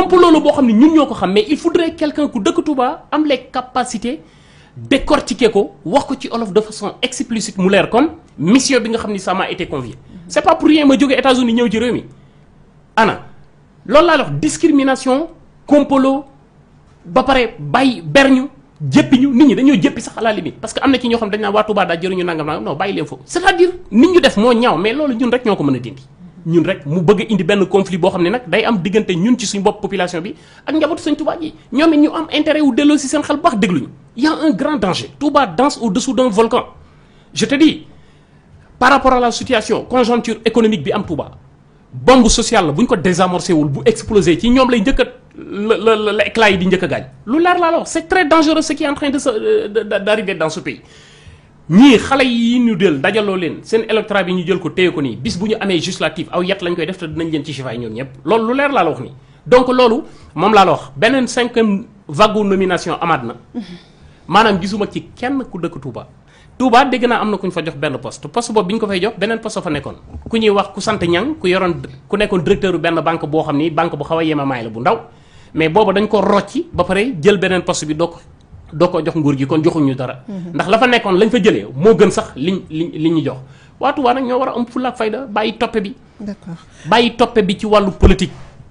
complot lo bo xamni ñun ñoko xam mais il faudrait quelqu'un ku dëkk Touba am les capacités décortiquer ko wax ko ci olof de façon explicite mu leer kon mission bi nga xamni ça m'a été convié c'est pas pour rien ma jógee États-Unis ñëw ci réew mi ana loolu la wax discrimination complot ba paré bay berñu jëppi ñu nit ñi dañoo jëppi sax à la limite parce que am na ci ñoo xam dañ naan waa Touba daa jëriñu nangam nangam non bàyyi leen foofu c'est-à-dire nit ñu def moo ñaaw mais loolu ñun rek ñoo ko mën a dindi ñun rek mu conflit day am ñun ci suñu intérêt wu seen y a un grand danger Touba danse au-dessous d'un volcan je te dis par rapport à la situation conjoncture économique bi am Touba bombe sociale la bu ko désamorcé wul bu ci a c'est très dangereux ce qui est en train de euh, d'arriver dans ce pays ñi xalé yi ñu del dajalo leen seen électorat bi ñu jël ko téy ko ni bis bu ñu amé législative aw yat lañ koy def te dinañ leen ci chifay ñoom ñep loolu lu leer la la wax ni donc loolu mom la la wax benen 5e vague nomination amad na manam gisuma ci kenn ku dëkk Touba Touba dégg na amna kuñ fa jox benn poste poste boobu biñ ko fay jox benen poste fa nekkon ku ñi wax ku sante ñang ku yoron ku nekkon directeur benn banque bo xamni ni banque bu xawa yema may la bu ndaw mais bobu dañ ko rocci ba paré jël benen poste bi dokk doo ko jox nguur gi kon joxuñu dara. Mhm. ndax la fa nekkoon lañ fa jëlee moo gën sax li li li ñu jox waa Touba nag ñoo war a am fulla ak fayda bàyyi toppe bi. bàyyi toppe bi ci wàllu politique.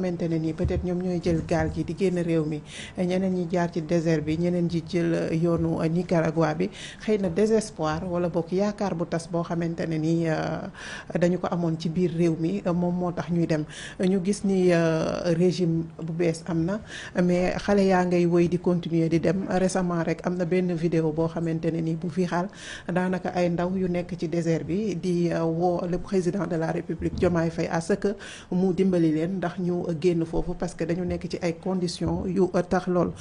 xamante ne nii peut-être ñoom ñooy jël gaal gi di génn réew mi ñeneen ñi jaar ci désert bi ñeneen ji jël yoonu Nicaragua bi xëy na désespoir wala bokk yaakaar bu tas boo xamante ne nii euh, dañu ko amoon ci biir réew mi moom moo tax ñuy dem ñu gis ni euh, régime bu bees am na mais xale yaa ngay woy di continuer di dem récemment rek am na benn vidéo boo xamante ne nii bu viral daanaka ay ndaw yu nekk ci désert bi di euh, woo le président de la République Diomaye Faye à ce que mu génn parce que nous nekk ci ay conditions yu tax lool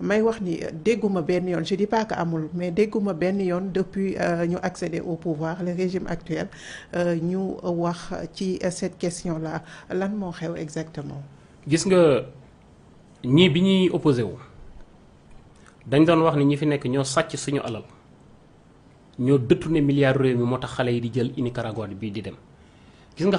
may wax ni dégguma benn yoon je dis pas que amul mais dégguma benn yoon depuis euh, ñu accéder au pouvoir le régime actuel euh, ñu wax ci cette question là lan moo xew exactement. gis nga ñii bi opposé wu dañ doon wax ni ñi fi nekk ñoo sàcc suñu alal ñoo milliards de mi moo tax yi di jël Nicaragua bi di dem gis nga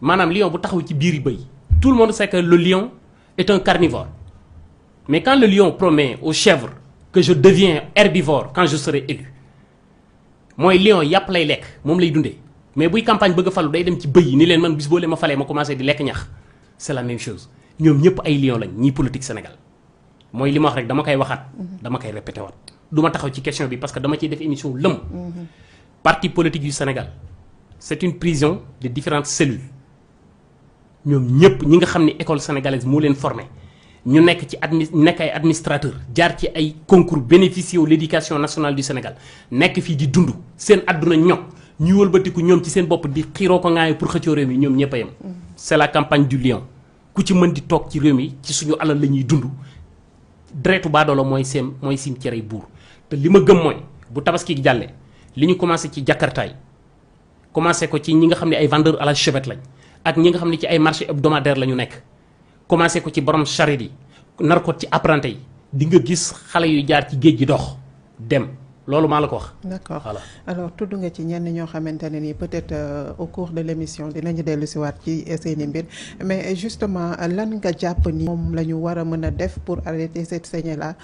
Madame lion bu taxaw ci biir tout le monde sait que le lion est un carnivore mais quand le lion promet au chèvre que je deviens herbivore quand je serai élu moi, lion yàpp lay lekk de lay dundee mais buy campagne est a falu day dem ci bëy yi ni leen man bis boo leen ma falee ma commencé di c'est la même chose ñoom ñëpp ay lion lañ ni politique Sénégal mooy li ma wax rek dama koy waxaat dama koy répété waat du ma taxaw ci question bi parce que dama ciy def émission Le mhm. parti politique du Sénégal c'est une prison de différentes cellules ñoom ñëpp ñi nga xam ni école sénégalaise moo leen formé ñu nekk ci admi nekk ay administrateur jaar ci ay concours bénéficié wu l' éducation nationale du Sénégal nekk fii di dundu seen àdduna ñoom ñu wëlbatiku ñoom ci seen bopp di xiiroo ko ŋaayoo pour xëccoo réew mi ñoom ñëpp a yem. Mm. est la campagne du lion ku ci mën di toog ci réew mi ci suñu alal la ñuy dund deretu baadoola mooy seen mooy sim cere buur te li ma gëm mooy bu tabaski jàllee li ñu commencé ci jakartaay commencé ko ci ñi nga xam ne ay vendeur à la lañ. ak ñi nga xam ne ci ay marché hebdomadaire la ñu nekk commencé ko ci borom charrette yi nar ko ci apprenti yi di nga gis xale yu jaar ci géej gi dox dem. loolu la ko wax. d'accord voilà. alors tuddu nga ci ñenn ñoo xamante peut-être euh, au cours de l'émission dinañu dellu ci wat ci seeni mbir mais justement lan nga japp ni mom lañu wara mëna def pour arrêter cette saignée là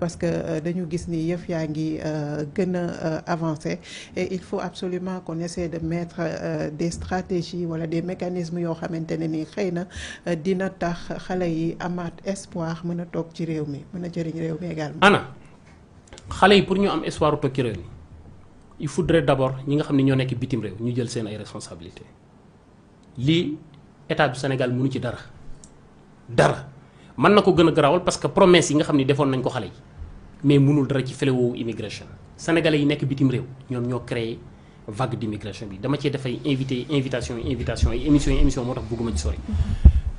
parce que euh, dañu gis ni yef yaa ngi euh, avancer et il faut absolument qu'on essaie de mettre des stratégies wala des mécanismes yo xamante ni nii xëy dina tax xalé yi amat espoir mëna tok ci réew mi mëna jëriñ réew mi également. Ana xale yi pour ñu am espoir u toog réew mi il faudrait d'abord ñi nga xam ne ñoo nekk bitim réew ñu jël seen ay responsabilité lii état du Sénégal mënu ci dara dara man na ko gën a garawal parce que promesse yi nga xam ne defoon nañ ko xale yi mais mënul dara ci fléau immigration sénégalais yi nekk bitim réew ñoom ñoo créé vague d'immigration bi dama cee dafay invité invitation invitation yi émission yi émission moo tax bëgguma ci sori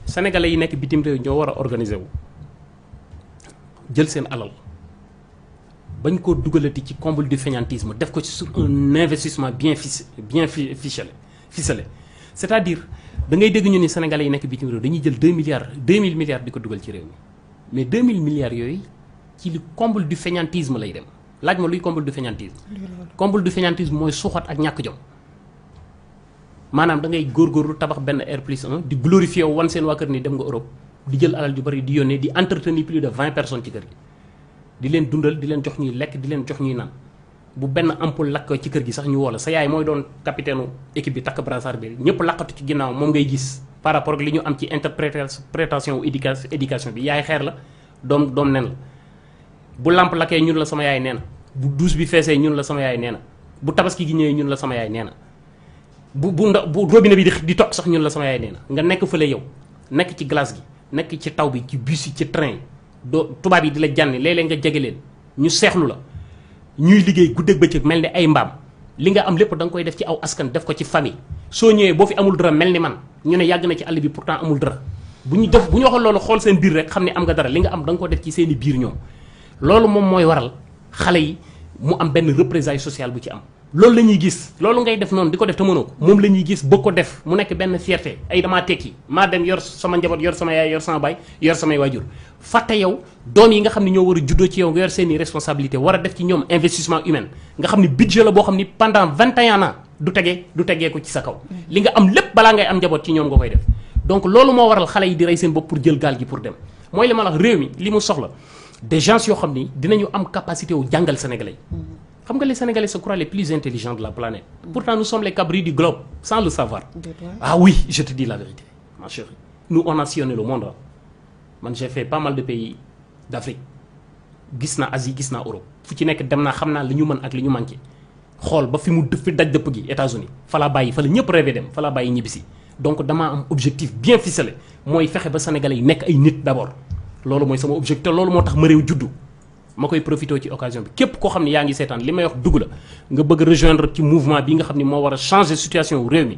sénégalais yi nekk bitim réew ñoo war a organiser wu jël seen alal bañ ko ci comble du def un investissement bien ficelé c'est-à-dire da ngay ñu sénégalais yi milliards deux milliards di ci mais deux milliards yooyu ci le comble du fainéantisme lay dem laaj ma luy comble du fainéantisme comble du fainéantisme moy suxat ak ñak jom manam da ngay tabax R di glorifier wan sen ni dem nga Europe di jël alal ju bari di di entretenir plus de 20 personnes ci di len dundal di len jox ñi nan di len jox ñi nan bu ben ampoule lak ci kër gi sax ñu woo sa yaay moy doon capitaine équipe bi tak brassard bi ñepp lakatu ci ginnaw mom ngay gis par rapport ak li ñu am ci interprétation éducation éducation bi yaay xeer la dom dom nen la bu lamp laké ñun la sama yaay nena bu douche bi fessé ñun la sama yaay nena bu tabaski gi ñëw ñun la sama yaay nena bu bu nda bu robinet bi di di sax ñun la sama yaay nena ngan nga nek fële yow nek ci glace gi nek ci taw bi ci bus ci train doo tubaab yi di la jànni léeg nga jege leen ñu seexlu la ñuy liggéey guddeeg bëccëg mel ni ay mbaam li nga am lépp danga koy def ci aw askan def ko ci famille soo ñëwee boo fi amul dara mel ni man ñu ne yàgg na ci àll bi pourtant amul dara bu ñu def bu ñu waxoon loolu xool seen biir rek xam ne am nga dara li nga am danga nga ko def ci seeni biir ñoom loolu moom mooy waral xale yi mu am benn représailles sociale bu ci am loolu la ñuy gis loolu ngay def noonu di ko def te mënoo ko moom la ñuy gis bëgg ko def mu nekk benn fierté ay damaa tekki maa dem yor sama njaboot yor sama yaay yor sama baay yor samay waajur fàtte yow doom yi nga xam ne ñoo war a juddoo ci yow nga yor seeni responsabilité war a def ci ñoom investissement humain nga xam ni budget la boo xam ni pendant vingt et un ans du tege du tegee ko ci sa kaw mm. li nga am lépp balaa ngay am njaboot ci ñoom nga koy def donc loolu moo waral xale yi di seen bopp pour jël gaal gi pour dem mooy li ma la réew mi li mu soxla des yoo xam ni dinañu am capacité wu jàngal sénégalais Comme les Sénégalais se croient les plus intelligents de la planète. Pourtant, nous sommes les cabris du globe, sans le savoir. Ah oui, je te dis la vérité, ma chérie. Nous, on a sillonné le monde. Hein. j'ai fait pas mal de pays d'Afrique. Gisna Asie Gisna Europe fu ci nekk dem naa faire li ñu mën ak li ñu manqué Xol ba fi mu fi daj dëpp gi États-Unis fa la bàyyi fa la ñëpp rêvé dem fa donc dans am objectif bien ficelé Moy que ba sénégalais nek ay nit d'abord Lolu moy sama objectif lolu motax ma rew makoy koy profité ci occasion bi képp koo xam ne yaa ngi seetaan li may wax dugg la nga bëgg rejoindre ci mouvement bi nga xam ne moo war a changer situation wu réew mi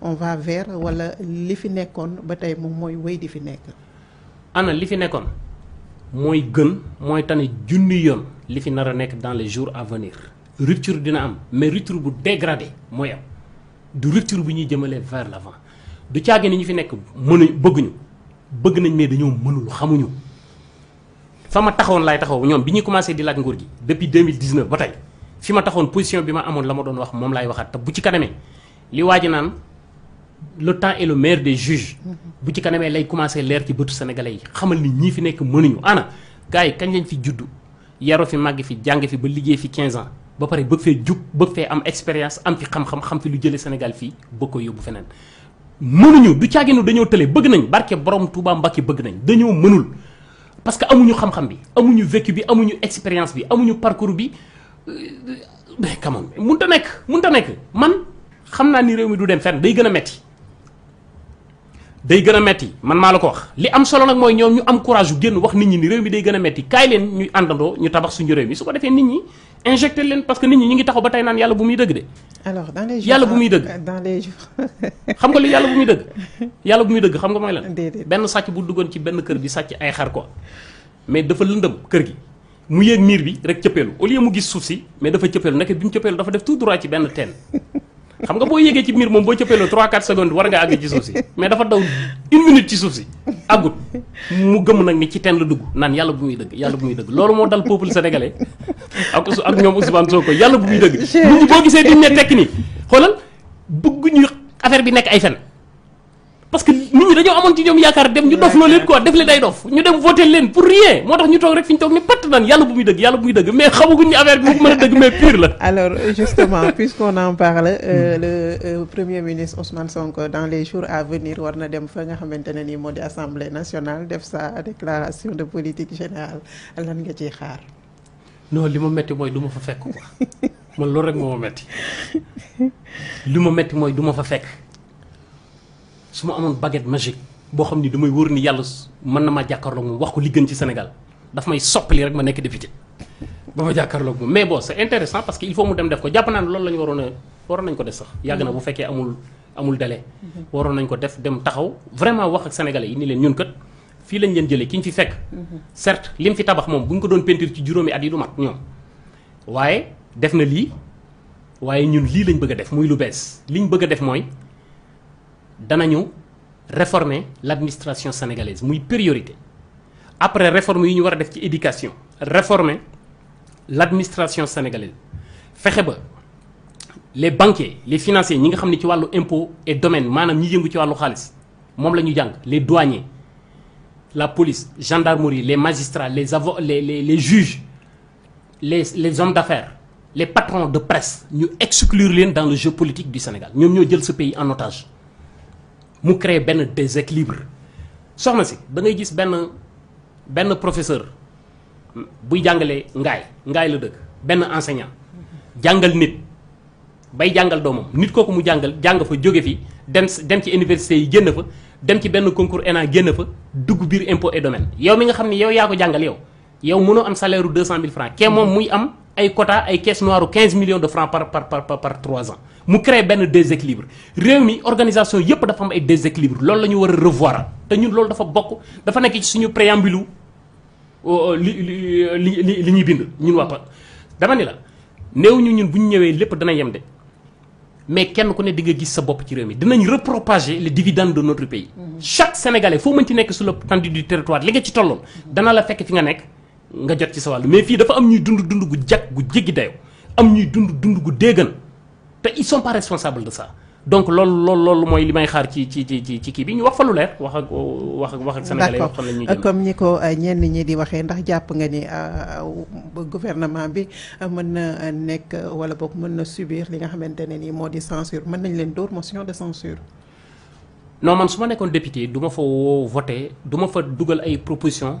on va vers wala li fi nekkoon ba tey moom mooy wéy di fi nekk. ana li fi nekkoon moy gën moy tane junni yoon li fi nara a nekk dans les jours à venir rupture dina am mais rupture bu dégradé moy am du rupture bu ñuy jëmele vers l'avant du caagi ñi fi nekk mënuñ bëgguñu bëgg nañ mais dañu mënul xamuñu. fa ma taxawoon laay taxaw ñom bi ñuy commencé di laaj nguur gi depuis 2019 ba tey fi ma taxoon position bima amone lama la doon wax mom lay waxat te bu ci kanamee li waji nan le temps est le maire des juges bu ci kaname lay commencer leer ci bëtu sénégalais yi xamal ni ñi fi nekk mënuñu ana gaay kañ lañ fi juddu yaroo fi màgg fi jàng fi ba liggéey fi 15 ans ba paré bëgg fee juk bëgg fee am expérience am fi xam-xam xam fi lu jëlé Sénégal fii bëgg ko yóbbu feneen. mënuñu du caaginu dañu télé bëgg nañ barké borom Touba Mbacké bëgg nañ dañu mënul parce que amuñu xam-xam bi amuñu vécu bi amuñu expérience bi amuñu parcours bi euh, euh, mais quand même mënut nek nekk mënut a man xam naa ni réew mi du dem fenn day gëna metti day gën a metti man maa la ko wax li am solo nag mooy ñoom ñu am courage yu génn wax nit ñi ni réew mi day gën a metti kaay leen ñuy àndandoo ñu tabax suñu réew mi su ko defee nit ñi injecté leen parce que nit ñi ñu ngi taxaw ba tey naan yàlla bu muy dëgg de. alors dans les jours yàlla bu muy dëgg xam nga li yàlla bu muy dëgg yàlla bu dëgg xam nga mooy lan. benn sàcc bu duggoon ci benn kër bi sàcc ay xar ko mais dafa lëndëm kër gi. mu yéeg miir bi rek cëppeelu au lieu mu gis suuf si mais dafa cëppeelu nekk bi mu dafa def tout ci benn teen xam nga boo yéegee ci miir moom boo cëppeeloo 3 4 secondes war nga àgg ci suuf si mais dafa daw une minute ci suuf si àggut mu gëm nag ni ci teen la dugg naan yàlla bu muy dëgg yàlla bu muy dëgg loolu moo dal peuple sénégalais ak ak ñoom Ousmane Sonko yàlla bu muy dëgg nit ñi boo gisee diñ ne tekki ni xoolal bëgg ñu affaire bi nekk ay fen parce que nit ñi dañu amon ci ñom yaakar dem ñu dof lo leen quoi def leen day dof ñu dem voter leen pour rien motax ñu tok rek fiñ tok ni pat naan yalla bu muy deug yalla bu muy deug mais xamaguñ ni affaire bi mu mën a mais pire la. alors euh, justement puisqu'on en parle euh, hmm. le euh, premier ministre Ousmane Sonko dans les jours à venir warna dem fa nga xamante ni modi assemblée nationale def sa déclaration de politique générale lan nga ci xaar. non li ma métti mooy du fa fekk quoi man lool rek mo ma métti li ma métti mooy du fa fekk. su ma amoon bagget magique boo xam ni damay wóor ni yàlla mën na maa jàkkaarloog moom wax ko li gën ci Sénégal daf may soppali rek ma nekk député ba ma jàkkaarloog moom mais boo c' est intéressant parce que il faut mu dem def ko jàpp naa ne loolu la ñu waroon a nañ ko def sax yàgg na bu fekkee amul amul délai waroon nañ ko def dem taxaw vraiment wax ak sénégalais yi ni leen ñun kat fii lañ leen jëlee ki ñu fi fekk certes li mu fi tabax moom bu ñu ko doon peinture ci juróomi at yi du mat ñoom waaye def na lii waaye ñun lii lañ bëgg def muy lu bees liñ bëgg a def mooy danañu réformer l'administration sénégalaise une priorité après réforme yi éducation réformer l'administration sénégalaise les banquiers les financiers ñi nga et domaine les douaniers la police gendarmerie les magistrats les avocats, les juges les hommes d'affaires les patrons de presse nous exclure dans le jeu politique du Sénégal Nous ñoo jël ce pays en otage mu créer un déséquilibre soxna si da ngay gis ben professeur buy enseignant, ngaay ngaay la enseignant, enseignant jàngal nit bay jàngal doomam nit kooku mu jàngal jàng fa jóge fi dem dem ci université yi fa dem ci concours ENA génn fa dugg biir impôt et domaine yow mi nga un ne yow yaa ko jàngal yow yow mënoo am salaire enseignant, un francs kee moom am ay quota ay caisse noire 15 millions de francs par par par par trois ans mu créer ben déséquilibre réew mi organisation yépp dafa am ay déséquilibre loolu lañu ñu war a revoir te ñun loolu dafa bokk dafa nekk ci suñu préambule euh, li li li li ñuy bind ñun waa PAM dama ni la néew ñu ñun bu ñu ñëwee lépp dana yem de mais kenn ku ne di nga gis sa bopp ci réew mi dinañ repropager les dividendes de notre pays. Mmh. chaque sénégalais foo mën ci nekk sur le tendu du territoire li nga ci tolloon dana la fekk fi nga nekk nga jot ci sa wàll mais fii dafa am ñuy dund dund gu jag gu jéggi dayoo am ñuy dund dund gu déggan te ils sont pas responsables de ça donc loolu loolu loolu mooy li may xaar ci ci ci ci kii bi ñu wax fa lu leer wax ak wax ak wax ak sénégalais wax fan la ñuy jëm comme ñi ko euh, ñenn ñi di waxee ndax jàpp nga ni euh, euh, gouvernement bi mën na nekk wala boog mën na subir li nga xamante ne nii moo di censure mën nañ leen dóor motion de censure non man su ma nekkoon député du ma fa woo voté du ma fa dugal ay proposition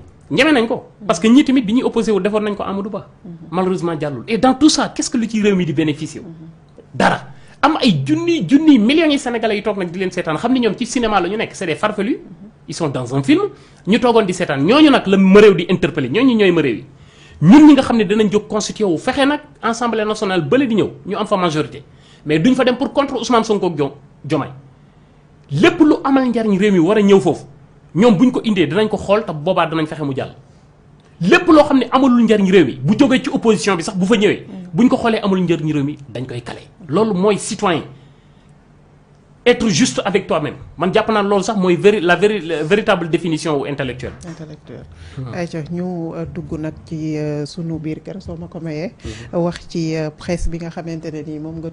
ñeme nañ ko parce que ñii tamit bi ñuy opposé wu defoon nañ ko Amadou Ba malheureusement jàllul et dans tout ça qu'est-ce que lu ci réew mi di bénéficier dara am ay junniy junniy millions yi sénégalais yi tok nak di leen sétane xamni ñom ci cinéma la ñu nek c'est des farfelus ils sont dans un film ñu togon di seetaan ñooñu nag la mëréew di interpellé ñooñu ñooy mëréew yi ñun ñi nga xam dañ danañ jóg constitué wu fexé nak ensemble national bële di ñëw ñu am fa majorité mais duñ fa dem pour contre Ousmane Sonko ak Diomaye lepp lu amal njariñ réew mi wara a ñëw foofu ñom buñ ko indé danañ ko xool te boobaa danañ fexé mu jàll. lépp loo xam ne amalul njariñ réew mi bu joggé ci opposition bi sax bu fa ñëwee. Mm. buñ ko xolé amul njariñ réew mi dañ koy kale. loolu moy citoyen être juste avec toi-même man japp na loolu sax mooy véri la véritable définition ou intellectuel. intellectuel. Hmm. ayca ñu euh, dugg nak ci euh, sunu biir kër soo ko hmm. wax ci euh, presse bi nga xamante ni mom nga.